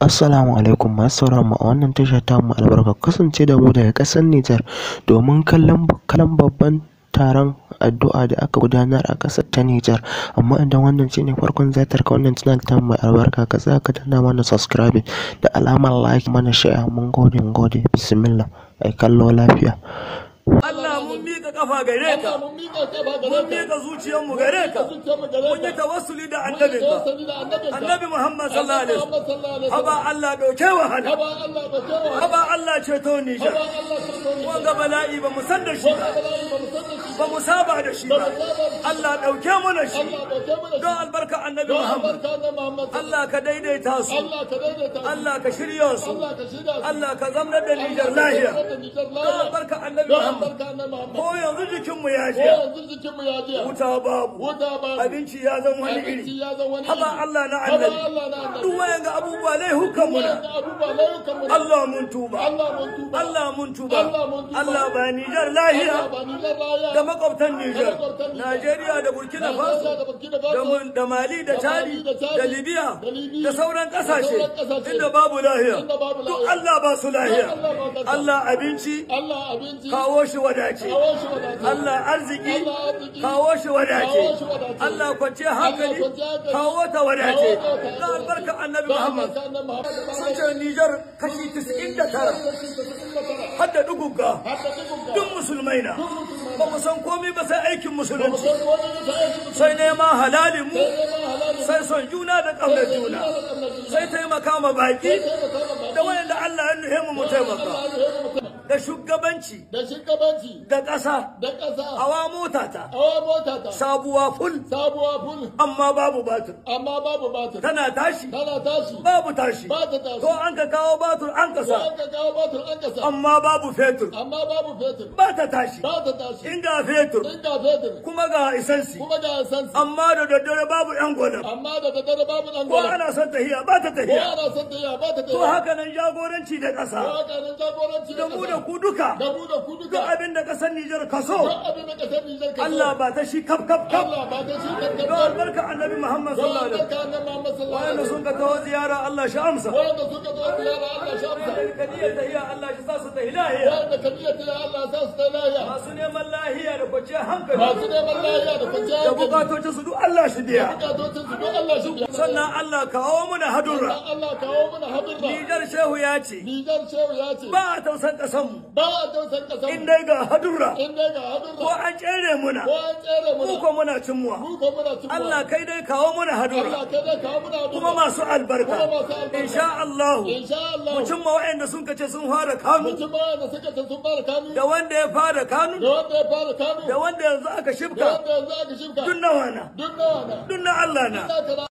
Assalamu alaikum masu mu a wannan tasha ta mu albarka kasance da mu daga ƙasar Nijar domin kallon babban taron addu'a da aka gudanar a ƙasar ta Nijar amma idan wannan shine farkon zatar ka wannan channel ta mu albarka ka tsaya ka danna mana subscribing da alamar like mana share mun gode mun gode bismillah ai kallo lafiya kafa gare ka mun miƙa zuciyar mu gare ka mun yi tawassuli da annabi ka annabi Muhammad sallallahu alaihi wasallam haba Allah doke wahala haba Allah ceto ni sha wanga bala'i ba mu san da shi ba mu saba da shi ba Allah dauke mu na shi don albarka annabi Muhammad Allah ka daidaita su Allah ka shirya su Allah ka zamna da nijar lahiya don albarka annabi Muhammad yanzu jikinmu ya ji. Ko yanzu jikinmu ya ji. Wuta babu. Wuta babu. Abinci ya zan wani iri. Abinci ya zan wani iri. Haba Allah na annabi. Haba Allah na annabi. Duk wayan ga abubuwa laihukan mu na. Allah mun tuba. Allah mun tuba. Allah mun tuba. Allah mun tuba. Allah ba Niger lahiya. Da makwabtan Niger. Najeriya da Burkina Faso. Da mun da Mali da Chadi da Libya da sauran kasashe inda babu lahiya. Duk Allah ba su lahiya. Allah abinci. Allah abinci. Kawo shi wadace. Allah arziki kawo shi wadace Allah kwance hankali kawo ta wadace da albarka annabi Muhammad sun ce Nijar kashi 99 har da duguga duk musulmai na ba mu san komai ba sai aikin musulunci sai nema halalin mu sai son juna da ƙaunar juna sai taimaka ma baki da wayanda Allah ya nuhe mu mu taimaka da shugabanci da shugabanci da ƙasa da ƙasa awa motata awa motata sabuwa ful sabuwa ful amma babu batur amma babu batur tana tashi tana tashi babu tashi ba ta tashi to an ka kawo batur an ka sa an ka kawo batur an ka sa amma babu fetur amma babu fetur ba ta tashi ba ta tashi in ga fetur in ga fetur kuma ga isansi kuma ga isansi amma da daddare babu yan gwanan amma da daddare babu yan gwanan ko ana son tahiya ba ta tahiya ko ana son tahiya ba ta tahiya to haka nan jagoranci da ƙasa ko haka nan jagoranci da mu da da ku duka da duk abin da kasar Nijar kaso Allah ba ta shi kaf kaf kaf Allah ba ta barka annabi Muhammad sallallahu alaihi wasallam wanda sun ka tawo ziyara Allah shi amsa wanda sun ka tawo ziyara Allah shi amsa wanda kadiyar ta iya Allah shi sa su ta hilahiya wanda kadiyar ta Allah sa su ta lahiya masu neman lahiya da kwanciyar hankali masu neman lahiya da kwanciyar hankali da bukatocin su duk Allah shi biya bukatocin su duk Allah shi biya sannan Allah kawo muna hadurra Allah kawo mana hadurra Nijar Shehu ya ce Nijar Shehu ya ce ba a tausan kasan kasan ba a in dai ga hadurra ko an tsere muna ko muna ko Allah kai dai kawo muna hadurra kuma masu albarka insha Allah Allah mutum ma wa'anda sun kace sun fara kanu da wanda ya fara kanu da wanda yanzu aka shibka dunna wana, dunna Allah na